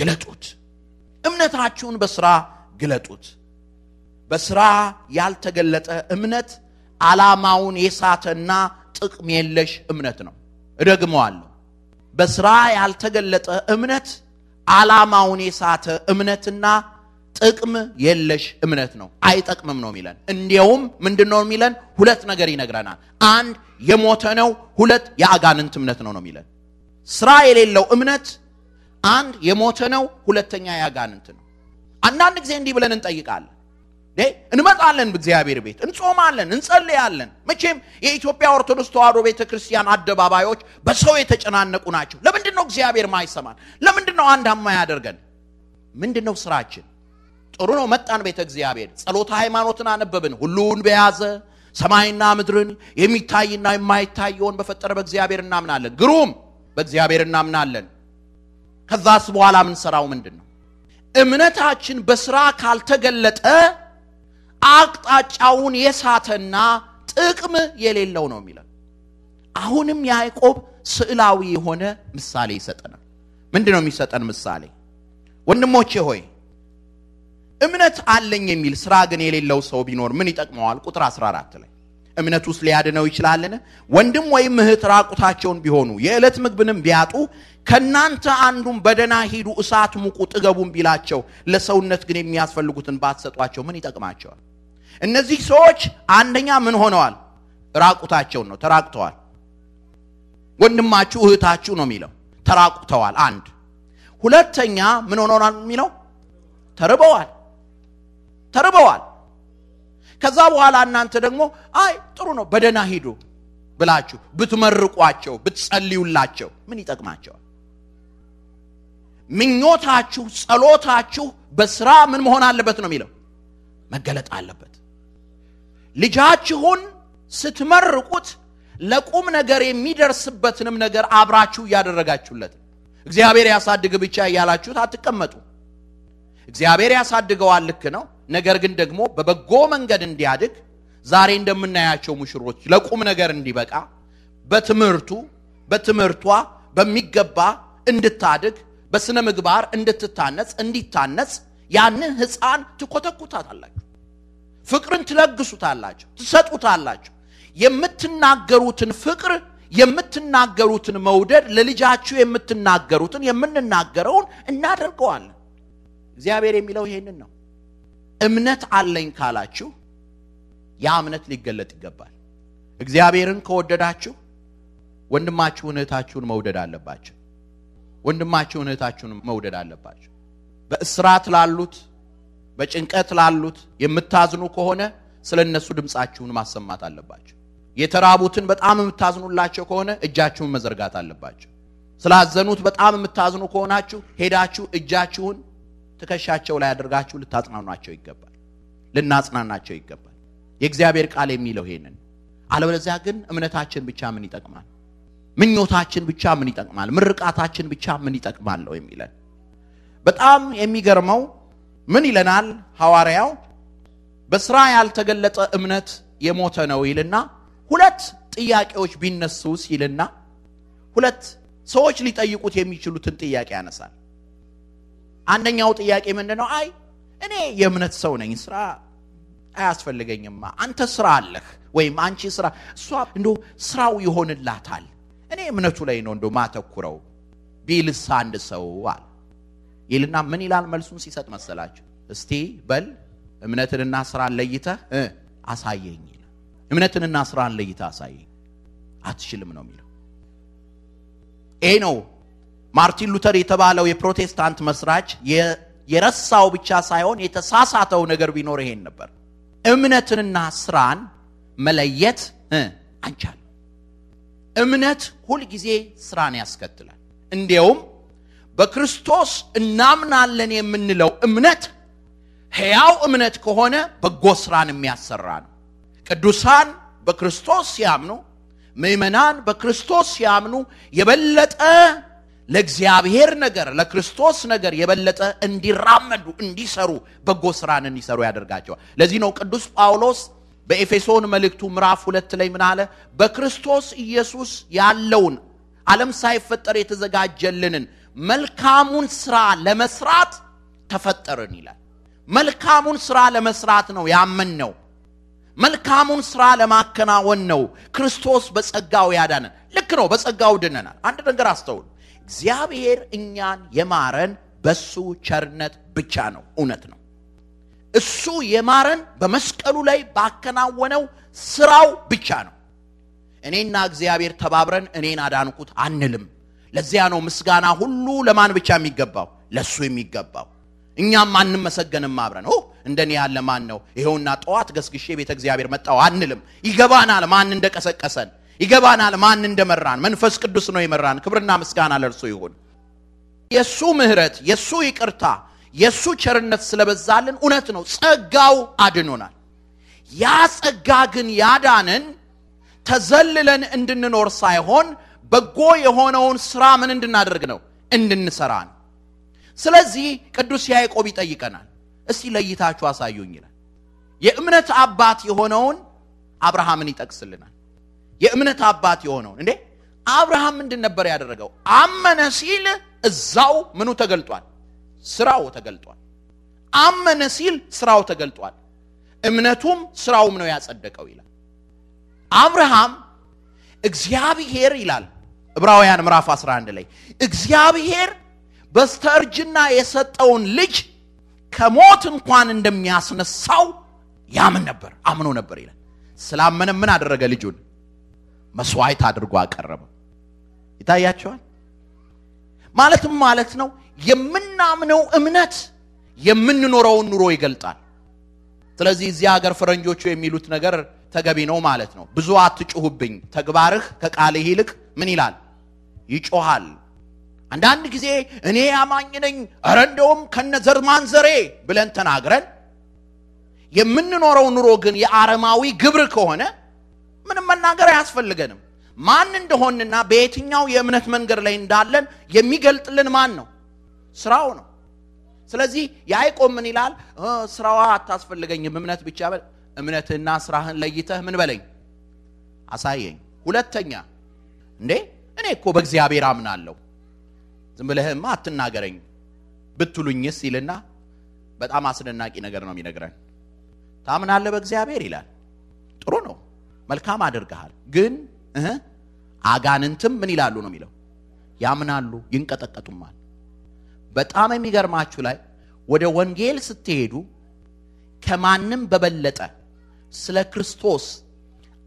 ግለጡት። እምነታችሁን በስራ ግለጡት። በስራ ያልተገለጠ እምነት ዓላማውን የሳተና ጥቅም የለሽ እምነት ነው። እደግመዋለሁ። በስራ ያልተገለጠ እምነት ዓላማውን የሳተ እምነትና ጥቅም የለሽ እምነት ነው። አይጠቅምም ነው የሚለን። እንዲያውም ምንድን ነው የሚለን? ሁለት ነገር ይነግረናል። አንድ የሞተ ነው፣ ሁለት የአጋንንት እምነት ነው ነው የሚለን። ስራ የሌለው እምነት አንድ የሞተ ነው፣ ሁለተኛ የአጋንንት ነው። አንዳንድ ጊዜ እንዲህ ብለን እንጠይቃለን እንመጣለን፣ በእግዚአብሔር ቤት እንጾማለን፣ እንጸልያለን። መቼም የኢትዮጵያ ኦርቶዶክስ ተዋሕዶ ቤተ ክርስቲያን አደባባዮች በሰው የተጨናነቁ ናቸው። ለምንድን ነው እግዚአብሔር ማይሰማን? ለምንድን ነው አንድ ማያደርገን? ምንድን ነው ስራችን? ጥሩ ነው መጣን፣ ቤተ እግዚአብሔር ጸሎተ ሃይማኖትን አነበብን፣ ሁሉን በያዘ ሰማይና ምድርን የሚታይና የማይታየውን በፈጠረ በእግዚአብሔር እናምናለን። ግሩም በእግዚአብሔር እናምናለን። ከዛስ በኋላ የምንሰራው ምንድን ነው? እምነታችን በስራ ካልተገለጠ አቅጣጫውን የሳተና ጥቅም የሌለው ነው የሚለን። አሁንም ያዕቆብ ስዕላዊ የሆነ ምሳሌ ይሰጠናል። ምንድን ነው የሚሰጠን ምሳሌ? ወንድሞቼ ሆይ እምነት አለኝ የሚል ስራ ግን የሌለው ሰው ቢኖር ምን ይጠቅመዋል? ቁጥር 14 ላይ እምነት ውስጥ ሊያድነው ይችላልን? ወንድም ወይም እህት ራቁታቸውን ቢሆኑ የዕለት ምግብንም ቢያጡ ከእናንተ አንዱም በደና ሂዱ፣ እሳት ሙቁ፣ ጥገቡን ቢላቸው ለሰውነት ግን የሚያስፈልጉትን ባትሰጧቸው ምን ይጠቅማቸዋል? እነዚህ ሰዎች አንደኛ ምን ሆነዋል? ራቁታቸውን ነው ተራቁተዋል። ወንድማችሁ እህታችሁ ነው የሚለው ተራቁተዋል። አንድ ሁለተኛ ምን ሆነዋል የሚለው ተርበዋል፣ ተርበዋል። ከዛ በኋላ እናንተ ደግሞ አይ ጥሩ ነው በደህና ሂዱ ብላችሁ ብትመርቋቸው ብትጸልዩላቸው ምን ይጠቅማቸዋል? ምኞታችሁ፣ ጸሎታችሁ በስራ ምን መሆን አለበት ነው የሚለው መገለጥ አለበት። ልጃችሁን ስትመርቁት ለቁም ነገር የሚደርስበትንም ነገር አብራችሁ እያደረጋችሁለት እግዚአብሔር ያሳድግ ብቻ እያላችሁት አትቀመጡ። እግዚአብሔር ያሳድገዋል፣ ልክ ነው። ነገር ግን ደግሞ በበጎ መንገድ እንዲያድግ ዛሬ እንደምናያቸው ሙሽሮች ለቁም ነገር እንዲበቃ በትምህርቱ በትምህርቷ በሚገባ እንድታድግ በስነ ምግባር እንድትታነጽ እንዲታነጽ ያንን ሕፃን ትኮተኩታታላችሁ። ፍቅርን ትለግሱታላችሁ፣ ትሰጡታላችሁ። የምትናገሩትን ፍቅር የምትናገሩትን መውደድ ለልጃችሁ የምትናገሩትን የምንናገረውን እናደርገዋለን። እግዚአብሔር የሚለው ይሄንን ነው። እምነት አለኝ ካላችሁ ያ እምነት ሊገለጥ ይገባል። እግዚአብሔርን ከወደዳችሁ ወንድማችሁን እህታችሁን መውደድ አለባቸው ወንድማችሁን እህታችሁን መውደድ አለባቸው በእስራት ላሉት በጭንቀት ላሉት የምታዝኑ ከሆነ ስለ እነሱ ድምፃችሁን ማሰማት አለባቸው። የተራቡትን በጣም የምታዝኑላቸው ከሆነ እጃችሁን መዘርጋት አለባቸው። ስላዘኑት በጣም የምታዝኑ ከሆናችሁ ሄዳችሁ እጃችሁን ትከሻቸው ላይ አድርጋችሁ ልታጽናኗቸው ይገባል፣ ልናጽናናቸው ይገባል። የእግዚአብሔር ቃል የሚለው ይሄንን። አለበለዚያ ግን እምነታችን ብቻ ምን ይጠቅማል? ምኞታችን ብቻ ምን ይጠቅማል? ምርቃታችን ብቻ ምን ይጠቅማል ነው የሚለን። በጣም የሚገርመው ምን ይለናል ሐዋርያው? በስራ ያልተገለጠ እምነት የሞተ ነው ይልና ሁለት ጥያቄዎች ቢነሱስ ይልና ሁለት ሰዎች ሊጠይቁት የሚችሉትን ጥያቄ ያነሳል። አንደኛው ጥያቄ ምንድን ነው? አይ እኔ የእምነት ሰው ነኝ፣ ስራ አያስፈልገኝማ። አንተ ስራ አለህ ወይም አንቺ ስራ፣ እሷ እንዶ ስራው ይሆንላታል። እኔ እምነቱ ላይ ነው እንዶ ማተኩረው ቢልስ አንድ ሰው አለ ይልና ምን ይላል መልሱን ሲሰጥ መሰላቸው? እስቲ በል እምነትንና ስራን ለይተህ አሳየኝ። እምነትንና ስራን ለይተህ አሳየኝ። አትችልም ነው የሚለው። ይሄ ነው ማርቲን ሉተር የተባለው የፕሮቴስታንት መስራች የረሳው ብቻ ሳይሆን የተሳሳተው ነገር ቢኖር ይሄን ነበር። እምነትንና ስራን መለየት አንቻል እምነት ሁልጊዜ ስራን ያስከትላል። እንዲያውም በክርስቶስ እናምናለን የምንለው እምነት ሕያው እምነት ከሆነ በጎ ስራን የሚያሰራ ነው። ቅዱሳን በክርስቶስ ሲያምኑ፣ ምእመናን በክርስቶስ ሲያምኑ የበለጠ ለእግዚአብሔር ነገር ለክርስቶስ ነገር የበለጠ እንዲራመዱ እንዲሰሩ በጎ ስራን እንዲሰሩ ያደርጋቸዋል። ለዚህ ነው ቅዱስ ጳውሎስ በኤፌሶን መልእክቱ ምዕራፍ ሁለት ላይ ምን አለ? በክርስቶስ ኢየሱስ ያለውን ዓለም ሳይፈጠር የተዘጋጀልንን መልካሙን ስራ ለመስራት ተፈጠርን ይላል። መልካሙን ስራ ለመስራት ነው ያመን ነው። መልካሙን ስራ ለማከናወን ነው ክርስቶስ በጸጋው ያዳነን። ልክ ነው፣ በጸጋው ድነናል። አንድ ነገር አስተውሉ። እግዚአብሔር እኛን የማረን በሱ ቸርነት ብቻ ነው። እውነት ነው። እሱ የማረን በመስቀሉ ላይ ባከናወነው ስራው ብቻ ነው። እኔና እግዚአብሔር ተባብረን እኔን አዳንኩት አንልም። ለዚያ ነው ምስጋና ሁሉ ለማን ብቻ የሚገባው? ለእሱ የሚገባው። እኛም አንመሰገንም አብረን እንደኔ ያለ ማን ነው? ይኸውና ጠዋት ገስግሼ ቤተ እግዚአብሔር መጣው አንልም። ይገባናል ማን እንደቀሰቀሰን፣ ይገባናል ማን እንደመራን። መንፈስ ቅዱስ ነው የመራን። ክብርና ምስጋና ለእርሱ ይሁን። የእሱ ምህረት የእሱ ይቅርታ፣ የእሱ ቸርነት ስለበዛልን እውነት ነው ጸጋው አድኖናል። ያ ጸጋ ግን ያዳንን ተዘልለን እንድንኖር ሳይሆን በጎ የሆነውን ስራ ምን እንድናደርግ ነው? እንድንሰራ ነው። ስለዚህ ቅዱስ ያዕቆብ ይጠይቀናል። እስቲ ለይታችሁ አሳዩኝ ይላል። የእምነት አባት የሆነውን አብርሃምን ይጠቅስልናል። የእምነት አባት የሆነውን እንዴ አብርሃም ምንድን ነበር ያደረገው? አመነ ሲል እዛው ምኑ ተገልጧል? ስራው ተገልጧል። አመነ ሲል ስራው ተገልጧል። እምነቱም ስራውም ነው ያጸደቀው ይላል። አብርሃም እግዚአብሔር ይላል ዕብራውያን ምዕራፍ 11 ላይ እግዚአብሔር በስተእርጅና የሰጠውን ልጅ ከሞት እንኳን እንደሚያስነሳው ያምን ነበር፣ አምኖ ነበር ይላል። ስላመነ ምን አደረገ? ልጁን መስዋዕት አድርጎ አቀረበ። ይታያቸዋል። ማለትም ማለት ነው የምናምነው እምነት የምንኖረውን ኑሮ ይገልጣል። ስለዚህ እዚህ ሀገር ፈረንጆቹ የሚሉት ነገር ተገቢ ነው ማለት ነው። ብዙ አትጩሁብኝ፣ ተግባርህ ከቃልህ ይልቅ ምን ይላል? ይጮሃል። አንዳንድ ጊዜ እኔ አማኝ ነኝ፣ እረ እንደውም ከነዘር ማንዘሬ ብለን ተናግረን የምንኖረው ኑሮ ግን የአረማዊ ግብር ከሆነ ምንም መናገር አያስፈልገንም። ማን እንደሆንና በየትኛው የእምነት መንገድ ላይ እንዳለን የሚገልጥልን ማን ነው? ስራው ነው። ስለዚህ ያዕቆብ ምን ይላል? ስራዋ አታስፈልገኝም እምነት ብቻ በል እምነትህና ስራህን ለይተህ ምን በለኝ አሳየኝ። ሁለተኛ እንዴ እኔ እኮ በእግዚአብሔር አምናለሁ ዝም ብለህማ አትናገረኝ ብትሉኝስ ይልና በጣም አስደናቂ ነገር ነው የሚነግረን። ታምናለህ በእግዚአብሔር ይላል። ጥሩ ነው፣ መልካም አድርገሃል። ግን አጋንንትም ምን ይላሉ ነው የሚለው ያምናሉ፣ ይንቀጠቀጡማል። በጣም የሚገርማችሁ ላይ ወደ ወንጌል ስትሄዱ ከማንም በበለጠ ስለ ክርስቶስ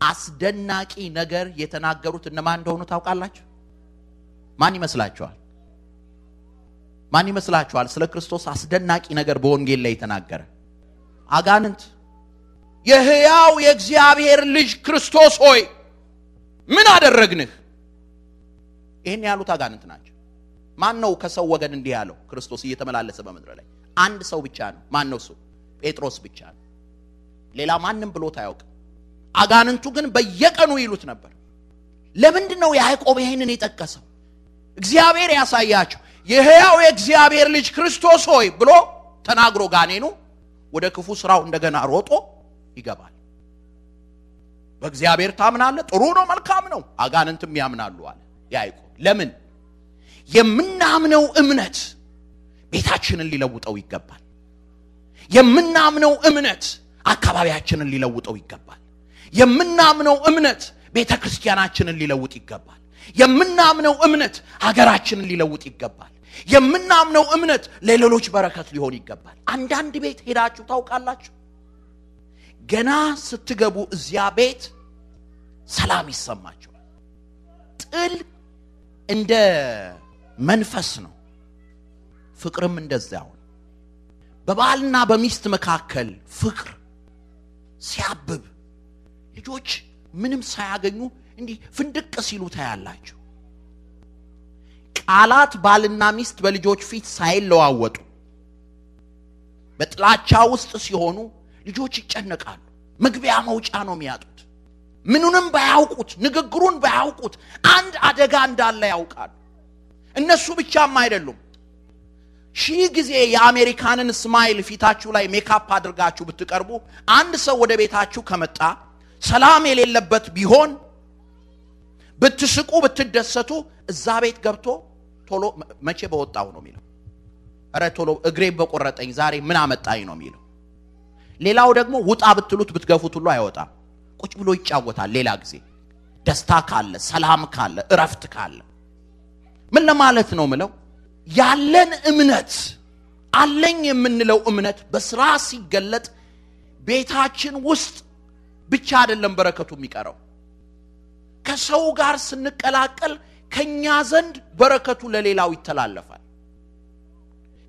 አስደናቂ ነገር የተናገሩት እነማን እንደሆኑ ታውቃላችሁ? ማን ይመስላችኋል? ማን ይመስላችኋል? ስለ ክርስቶስ አስደናቂ ነገር በወንጌል ላይ የተናገረ አጋንንት የሕያው የእግዚአብሔር ልጅ ክርስቶስ ሆይ ምን አደረግንህ? ይህን ያሉት አጋንንት ናቸው። ማን ነው ከሰው ወገን እንዲህ ያለው? ክርስቶስ እየተመላለሰ በምድር ላይ አንድ ሰው ብቻ ነው። ማን ነው እሱ? ጴጥሮስ ብቻ ነው። ሌላ ማንም ብሎት አያውቅም። አጋንንቱ ግን በየቀኑ ይሉት ነበር። ለምንድን ነው ያዕቆብ ይህንን የጠቀሰው? እግዚአብሔር ያሳያቸው የሕያው የእግዚአብሔር ልጅ ክርስቶስ ሆይ ብሎ ተናግሮ ጋኔኑ ወደ ክፉ ስራው እንደገና ሮጦ ይገባል። በእግዚአብሔር ታምናለ፣ ጥሩ ነው፣ መልካም ነው። አጋንንትም ያምናሉ አለ ያዕቆብ። ለምን የምናምነው እምነት ቤታችንን ሊለውጠው ይገባል። የምናምነው እምነት አካባቢያችንን ሊለውጠው ይገባል። የምናምነው እምነት ቤተ ክርስቲያናችንን ሊለውጥ ይገባል። የምናምነው እምነት ሀገራችንን ሊለውጥ ይገባል። የምናምነው እምነት ለሌሎች በረከት ሊሆን ይገባል። አንዳንድ ቤት ሄዳችሁ ታውቃላችሁ? ገና ስትገቡ እዚያ ቤት ሰላም ይሰማቸዋል። ጥል እንደ መንፈስ ነው፣ ፍቅርም እንደዚያው ነው። በባልና በሚስት መካከል ፍቅር ሲያብብ ልጆች ምንም ሳያገኙ እንዲህ ፍንድቅ ሲሉ ታያላችሁ። ቃላት ባልና ሚስት በልጆች ፊት ሳይለዋወጡ በጥላቻ ውስጥ ሲሆኑ ልጆች ይጨነቃሉ። መግቢያ መውጫ ነው የሚያጡት። ምኑንም ባያውቁት፣ ንግግሩን ባያውቁት አንድ አደጋ እንዳለ ያውቃሉ። እነሱ ብቻም አይደሉም። ሺህ ጊዜ የአሜሪካንን ስማይል ፊታችሁ ላይ ሜካፕ አድርጋችሁ ብትቀርቡ አንድ ሰው ወደ ቤታችሁ ከመጣ ሰላም የሌለበት ቢሆን ብትስቁ ብትደሰቱ እዛ ቤት ገብቶ ቶሎ መቼ በወጣው ነው የሚለው እረ ቶሎ እግሬ በቆረጠኝ ዛሬ ምን አመጣኝ ነው የሚለው ሌላው ደግሞ ውጣ ብትሉት ብትገፉት ሁሉ አይወጣም ቁጭ ብሎ ይጫወታል ሌላ ጊዜ ደስታ ካለ ሰላም ካለ እረፍት ካለ ምን ለማለት ነው ምለው ያለን እምነት አለኝ የምንለው እምነት በስራ ሲገለጥ ቤታችን ውስጥ ብቻ አይደለም በረከቱ የሚቀረው። ከሰው ጋር ስንቀላቀል ከኛ ዘንድ በረከቱ ለሌላው ይተላለፋል።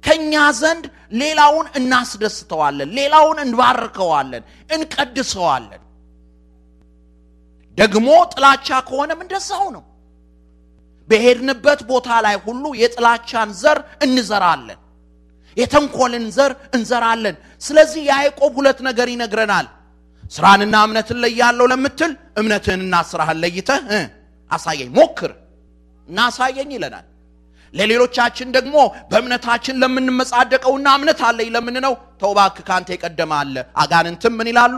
ከኛ ዘንድ ሌላውን እናስደስተዋለን፣ ሌላውን እንባርከዋለን፣ እንቀድሰዋለን። ደግሞ ጥላቻ ከሆነም እንደዛው ነው። በሄድንበት ቦታ ላይ ሁሉ የጥላቻን ዘር እንዘራለን የተንኮልን ዘር እንዘራለን ስለዚህ ያዕቆብ ሁለት ነገር ይነግረናል ስራንና እምነትን ለያለው ለምትል እምነትህንና ስራህን ለይተህ አሳየኝ ሞክር እና አሳየኝ ይለናል ለሌሎቻችን ደግሞ በእምነታችን ለምንመጻደቀውና እምነት አለኝ ለምንነው ተውባክ ካንተ የቀደመ አለ አጋንንትም ምን ይላሉ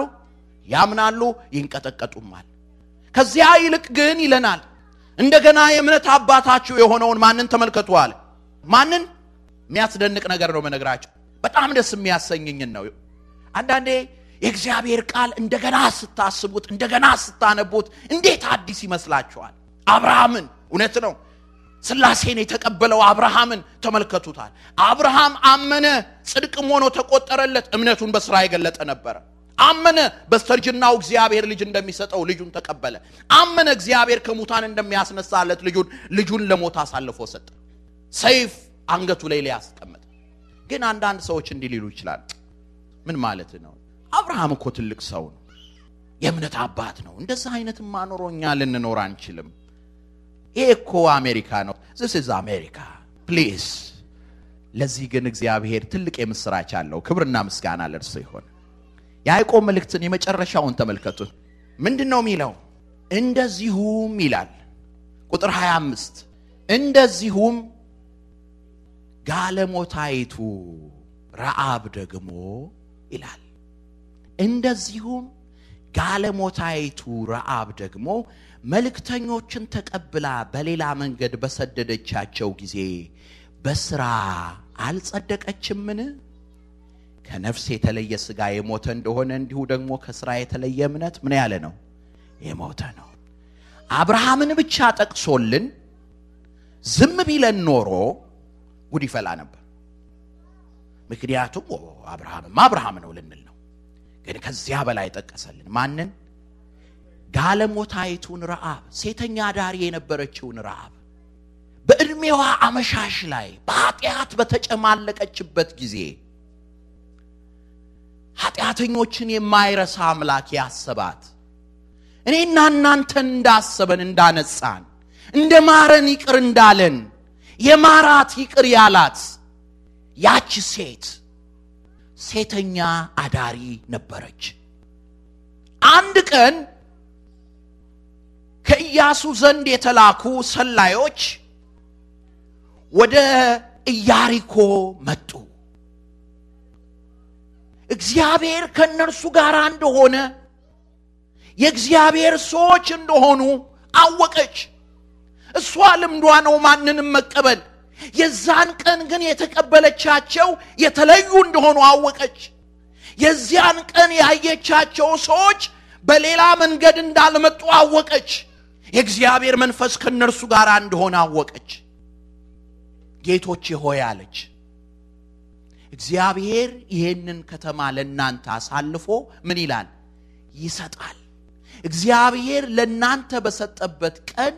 ያምናሉ ይንቀጠቀጡማል ከዚያ ይልቅ ግን ይለናል እንደገና የእምነት አባታችሁ የሆነውን ማንን ተመልከቱ አለ። ማንን? የሚያስደንቅ ነገር ነው መነግራቸው። በጣም ደስ የሚያሰኝኝን ነው። አንዳንዴ የእግዚአብሔር ቃል እንደገና ስታስቡት፣ እንደገና ስታነቡት እንዴት አዲስ ይመስላችኋል። አብርሃምን እውነት ነው ስላሴን የተቀበለው አብርሃምን ተመልከቱታል። አብርሃም አመነ፣ ጽድቅም ሆኖ ተቆጠረለት። እምነቱን በስራ የገለጠ ነበረ። አመነ። በስተርጅናው እግዚአብሔር ልጅ እንደሚሰጠው ልጁን ተቀበለ። አመነ። እግዚአብሔር ከሙታን እንደሚያስነሳለት ልጁን ልጁን ለሞት አሳልፎ ሰጠ። ሰይፍ አንገቱ ላይ ላይ ግን አንዳንድ ሰዎች እንዲህ ሊሉ ይችላል። ምን ማለት ነው? አብርሃም እኮ ትልቅ ሰው ነው፣ የእምነት አባት ነው። እንደዛ አይነት ማኖሮኛ ልንኖር አንችልም። ይሄ እኮ አሜሪካ ነው። ዚስ ኢዝ አሜሪካ ፕሊዝ። ለዚህ ግን እግዚአብሔር ትልቅ የምስራች አለው። ክብርና ምስጋና ለእርሱ ይሆን። የያዕቆብ መልእክትን የመጨረሻውን ተመልከቱት። ምንድን ነው የሚለው? እንደዚሁም ይላል ቁጥር 25 እንደዚሁም ጋለሞታይቱ ረአብ ደግሞ ይላል እንደዚሁም ጋለሞታይቱ ረአብ ደግሞ መልእክተኞችን ተቀብላ በሌላ መንገድ በሰደደቻቸው ጊዜ በስራ አልጸደቀችምን? ከነፍስ የተለየ ስጋ የሞተ እንደሆነ እንዲሁ ደግሞ ከስራ የተለየ እምነት ምን ያለ ነው? የሞተ ነው። አብርሃምን ብቻ ጠቅሶልን ዝም ቢለን ኖሮ ጉድ ይፈላ ነበር። ምክንያቱም አብርሃምማ አብርሃም ነው ልንል ነው። ግን ከዚያ በላይ ጠቀሰልን። ማንን? ጋለሞታይቱን ረአብ፣ ሴተኛ ዳሪ የነበረችውን ረአብ በዕድሜዋ አመሻሽ ላይ በኃጢአት በተጨማለቀችበት ጊዜ ኃጢአተኞችን የማይረሳ አምላክ ያሰባት እኔና እናንተን እንዳሰበን እንዳነጻን እንደ ማረን ይቅር እንዳለን የማራት ይቅር ያላት ያቺ ሴት ሴተኛ አዳሪ ነበረች አንድ ቀን ከኢያሱ ዘንድ የተላኩ ሰላዮች ወደ ኢያሪኮ መጡ እግዚአብሔር ከእነርሱ ጋር እንደሆነ የእግዚአብሔር ሰዎች እንደሆኑ አወቀች። እሷ ልምዷ ነው ማንንም መቀበል። የዛን ቀን ግን የተቀበለቻቸው የተለዩ እንደሆኑ አወቀች። የዚያን ቀን ያየቻቸው ሰዎች በሌላ መንገድ እንዳልመጡ አወቀች። የእግዚአብሔር መንፈስ ከእነርሱ ጋር እንደሆነ አወቀች። ጌቶች ሆይ አለች። እግዚአብሔር ይሄንን ከተማ ለእናንተ አሳልፎ ምን ይላል ይሰጣል። እግዚአብሔር ለእናንተ በሰጠበት ቀን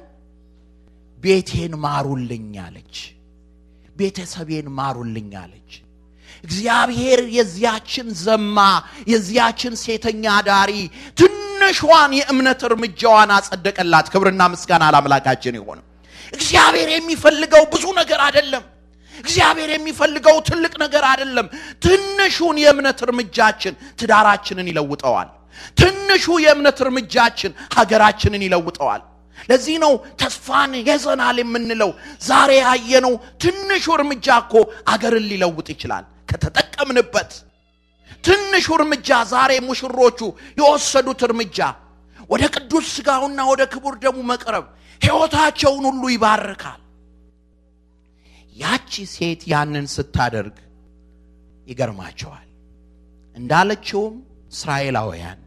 ቤቴን ማሩልኝ አለች፣ ቤተሰቤን ማሩልኝ አለች። እግዚአብሔር የዚያችን ዘማ የዚያችን ሴተኛ ዳሪ ትንሿን የእምነት እርምጃዋን አጸደቀላት። ክብርና ምስጋና ለአምላካችን የሆነ እግዚአብሔር የሚፈልገው ብዙ ነገር አይደለም። እግዚአብሔር የሚፈልገው ትልቅ ነገር አይደለም። ትንሹን የእምነት እርምጃችን ትዳራችንን ይለውጠዋል። ትንሹ የእምነት እርምጃችን ሀገራችንን ይለውጠዋል። ለዚህ ነው ተስፋን ያዘናል የምንለው። ዛሬ ያየነው ትንሹ እርምጃ እኮ አገርን ሊለውጥ ይችላል ከተጠቀምንበት። ትንሹ እርምጃ ዛሬ ሙሽሮቹ የወሰዱት እርምጃ ወደ ቅዱስ ሥጋውና ወደ ክቡር ደሙ መቅረብ ሕይወታቸውን ሁሉ ይባርካል። ያቺ ሴት ያንን ስታደርግ ይገርማቸዋል። እንዳለችውም እስራኤላውያን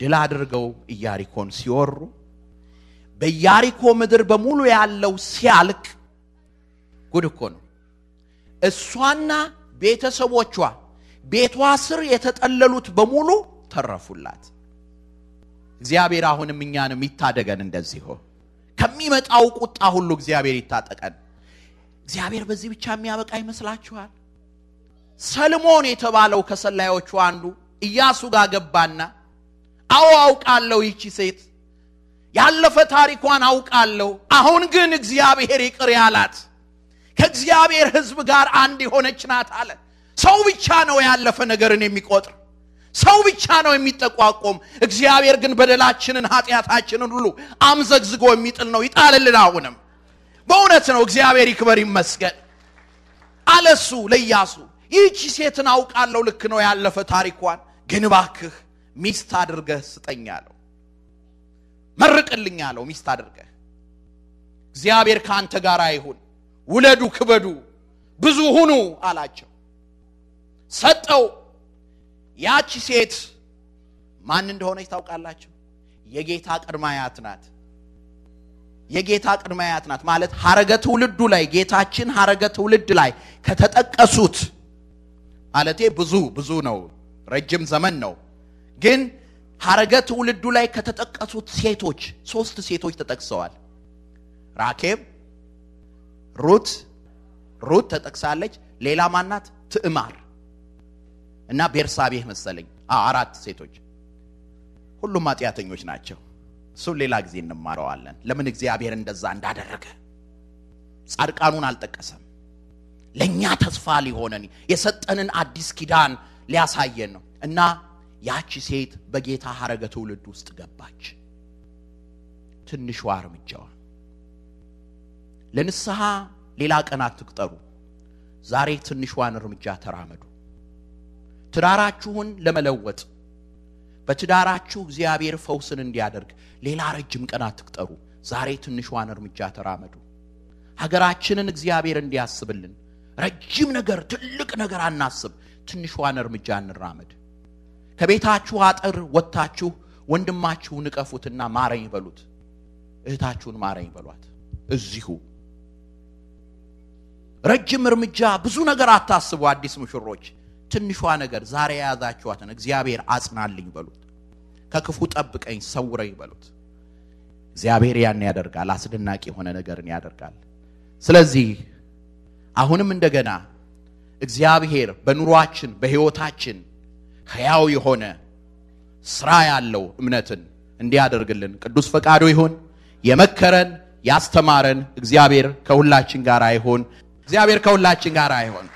ድል አድርገው ኢያሪኮን ሲወሩ በኢያሪኮ ምድር በሙሉ ያለው ሲያልቅ ጉድ እኮ ነው። እሷና ቤተሰቦቿ ቤቷ ስር የተጠለሉት በሙሉ ተረፉላት። እግዚአብሔር አሁንም እኛንም ይታደገን። እንደዚህ ሆ ከሚመጣው ቁጣ ሁሉ እግዚአብሔር ይታጠቀን። እግዚአብሔር በዚህ ብቻ የሚያበቃ ይመስላችኋል? ሰልሞን የተባለው ከሰላዮቹ አንዱ እያሱ ጋር ገባና አዎ አውቃለሁ፣ ይቺ ሴት ያለፈ ታሪኳን አውቃለሁ። አሁን ግን እግዚአብሔር ይቅር ያላት ከእግዚአብሔር ህዝብ ጋር አንድ የሆነች ናት አለ። ሰው ብቻ ነው ያለፈ ነገርን የሚቆጥር ሰው ብቻ ነው የሚጠቋቆም። እግዚአብሔር ግን በደላችንን ኃጢአታችንን ሁሉ አምዘግዝጎ የሚጥል ነው። ይጣልልን አሁንም በእውነት ነው እግዚአብሔር ይክበር ይመስገን አለሱ ለኢያሱ ይህቺ ሴትን አውቃለሁ ልክ ነው ያለፈ ታሪኳን ግን ባክህ ሚስት አድርገህ ስጠኝ አለው መርቅልኝ አለው ሚስት አድርገህ እግዚአብሔር ከአንተ ጋር አይሁን ውለዱ ክበዱ ብዙ ሁኑ አላቸው ሰጠው ያቺ ሴት ማን እንደሆነች ታውቃላችሁ የጌታ ቅድማያት ናት የጌታ ቅድመ አያት ናት ማለት ሀረገ ትውልዱ ላይ ጌታችን ሀረገ ትውልድ ላይ ከተጠቀሱት ማለቴ ብዙ ብዙ ነው፣ ረጅም ዘመን ነው። ግን ሀረገ ትውልዱ ላይ ከተጠቀሱት ሴቶች ሶስት ሴቶች ተጠቅሰዋል። ራኬብ፣ ሩት ሩት ተጠቅሳለች። ሌላ ማናት? ትዕማር እና ቤርሳቤህ መሰለኝ። አራት ሴቶች ሁሉም ኃጢአተኞች ናቸው። እሱን ሌላ ጊዜ እንማረዋለን። ለምን እግዚአብሔር እንደዛ እንዳደረገ ጻድቃኑን አልጠቀሰም። ለእኛ ተስፋ ሊሆነን የሰጠንን አዲስ ኪዳን ሊያሳየን ነው እና ያቺ ሴት በጌታ ሐረገ ትውልድ ውስጥ ገባች። ትንሿ እርምጃዋ ለንስሐ ሌላ ቀን አትቅጠሩ። ዛሬ ትንሿን እርምጃ ተራመዱ። ትዳራችሁን ለመለወጥ በትዳራችሁ እግዚአብሔር ፈውስን እንዲያደርግ ሌላ ረጅም ቀን አትቅጠሩ። ዛሬ ትንሿን እርምጃ ተራመዱ። ሀገራችንን እግዚአብሔር እንዲያስብልን ረጅም ነገር፣ ትልቅ ነገር አናስብ። ትንሿን እርምጃ እንራመድ። ከቤታችሁ አጥር ወጥታችሁ ወንድማችሁን ንቀፉትና ማረኝ በሉት። እህታችሁን ማረኝ በሏት። እዚሁ ረጅም እርምጃ ብዙ ነገር አታስቡ። አዲስ ሙሽሮች ትንሿ ነገር ዛሬ የያዛችኋትን እግዚአብሔር አጽናልኝ በሉት። ከክፉ ጠብቀኝ፣ ሰውረኝ በሉት። እግዚአብሔር ያን ያደርጋል። አስደናቂ የሆነ ነገርን ያደርጋል። ስለዚህ አሁንም እንደገና እግዚአብሔር በኑሯችን በሕይወታችን ሕያው የሆነ ስራ ያለው እምነትን እንዲያደርግልን ቅዱስ ፈቃዱ ይሁን። የመከረን ያስተማረን እግዚአብሔር ከሁላችን ጋር ይሁን። እግዚአብሔር ከሁላችን ጋር ይሁን።